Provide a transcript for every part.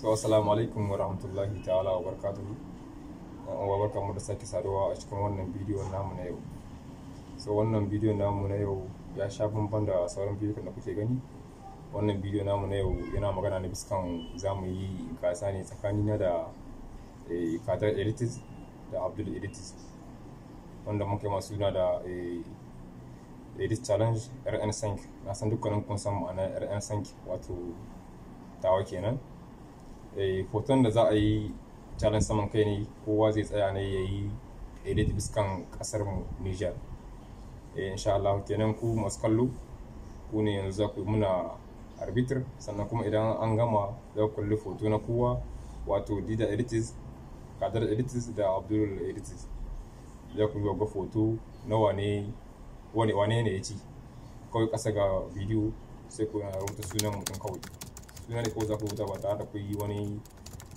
so assalamu alaikum wa rahmatullahi ta'ala wa barakatuhu dan uwa barkamu da sake saduwa a cikin wannan bidiyo namu na yau so wannan bidiyo namu na yau ya sha da sauran bidiyon da kuke gani wannan bidiyo namu na yau yana magana ne biskan mu yi gasa ne na da eh, kadar elitis da abdul elitis wanda muke masu suna da Edit eh, Challenge RN5 na san dukkanin kun san ma'anar rn wato tawa kenan Eh, hoton da za a yi calon saman kai ne kowa zai tsaya ne ya yi edit biskan kasar mu Niger eh, insha Allah kenan ku masu kallo ku ne yanzu za ku muna arbitr sannan kuma idan an gama za ku kalli hoto na kowa wato Dida Editis Kadar Editis da Abdul Editis za ku ga hoto na wane wane ne ya ci kawai kasa ga bidiyo sai ku rubuta sunan mutum kawai suna ne kawai za ku rubuta ba tare da ku yi wani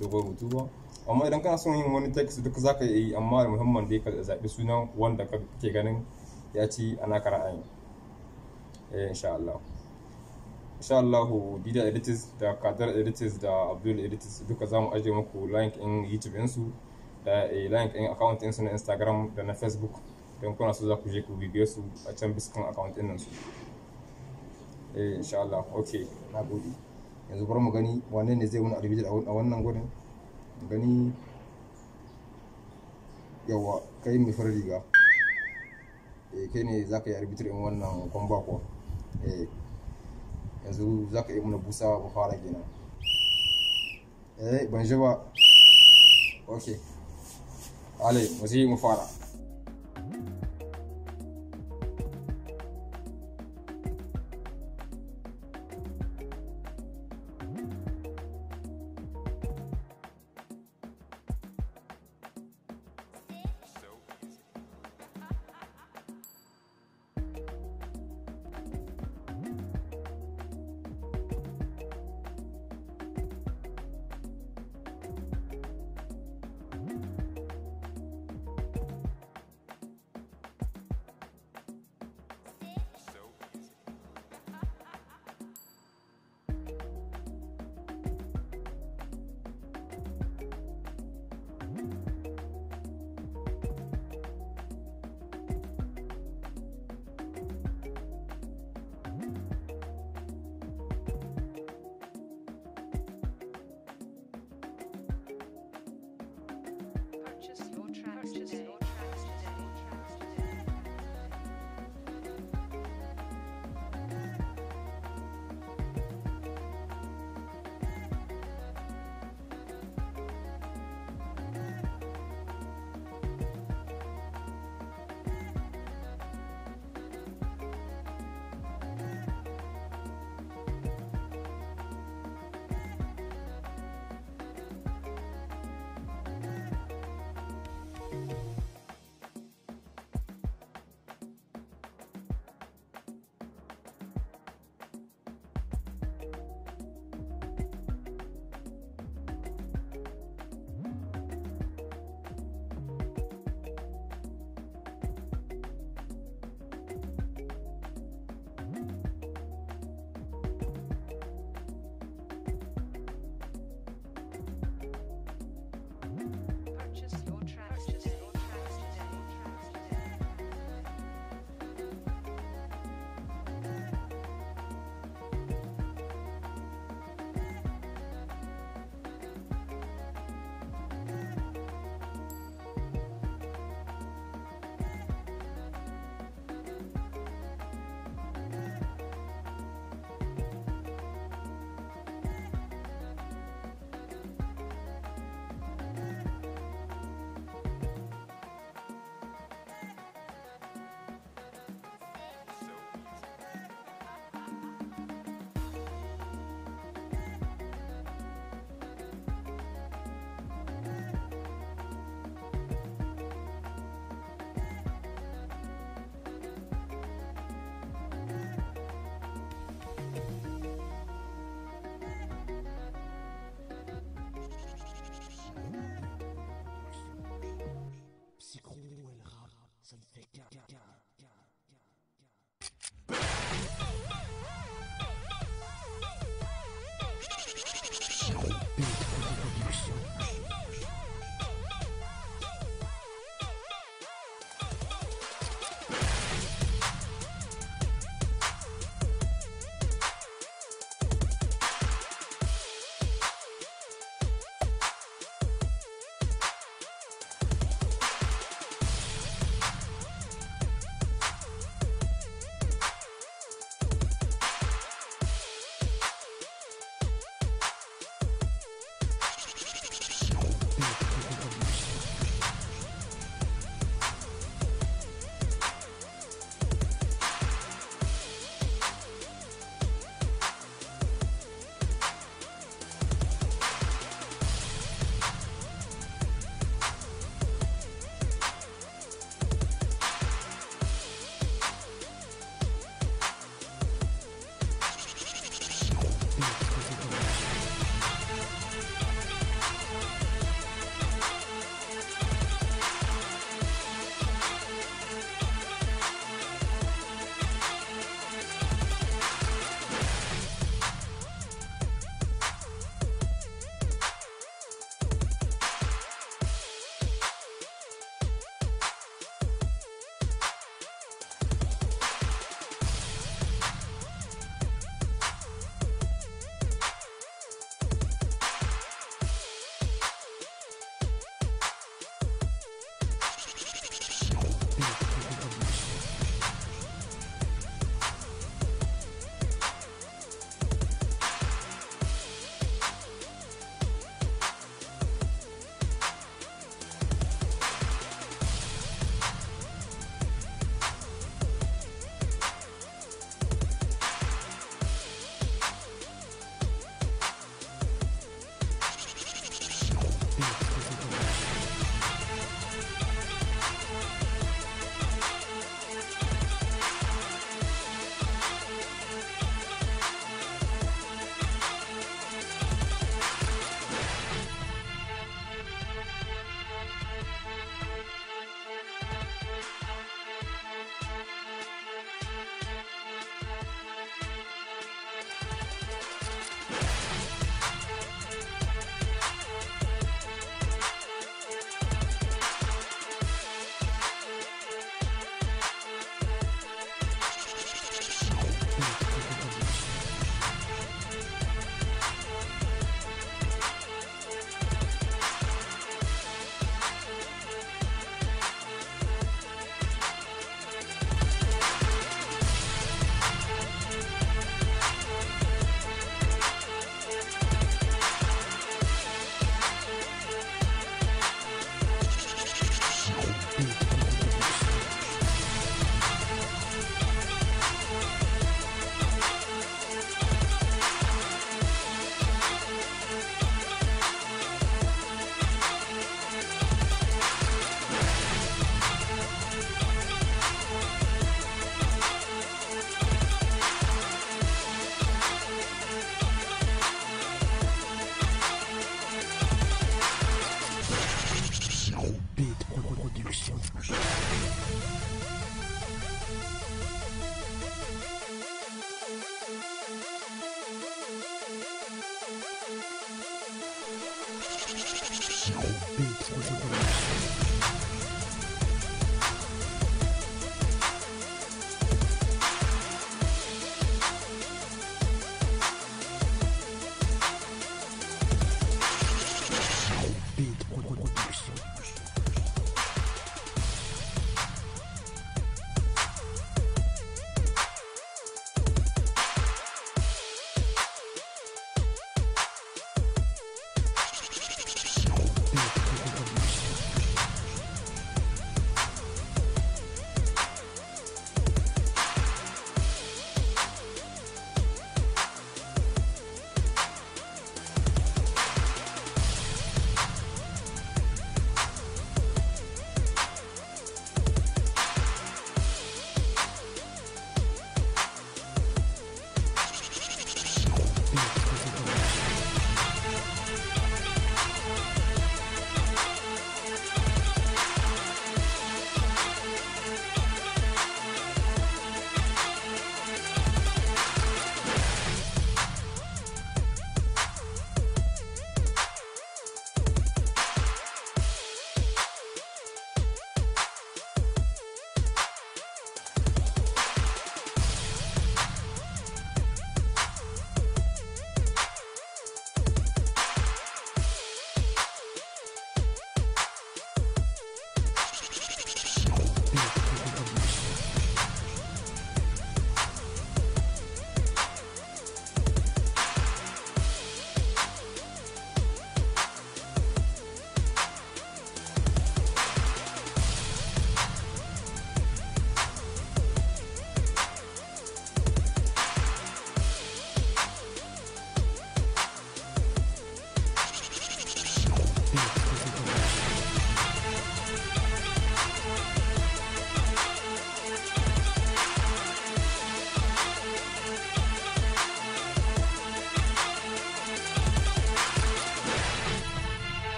dogon rutu ba amma idan kana son yin wani text duk za ka yi amma da muhimman dai ka zaɓi sunan wanda ke ganin ya ci ana ka ra'ayi eh, insha Allah insha Allah Dida Editors da Kadar Editors da Abdul Editors duka za mu ajiye muku link in YouTube ɗinsu da eh, link in account ɗinsu na Instagram da na Facebook don kuna so za ku je ku bibiye su a can biskan account ɗin insha'Allah su eh, insha Allah okay na gode yanzu bari mu gani wane ne zai wani arbijir a wannan gurin gani yawa kai mai farar riga eh kai ne za ka yi arbitr in wannan kwamba kuwa eh yanzu za ka yi mana busa ba fara kenan eh ban ji ba ok ale mu mu fara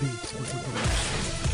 beats with the bass.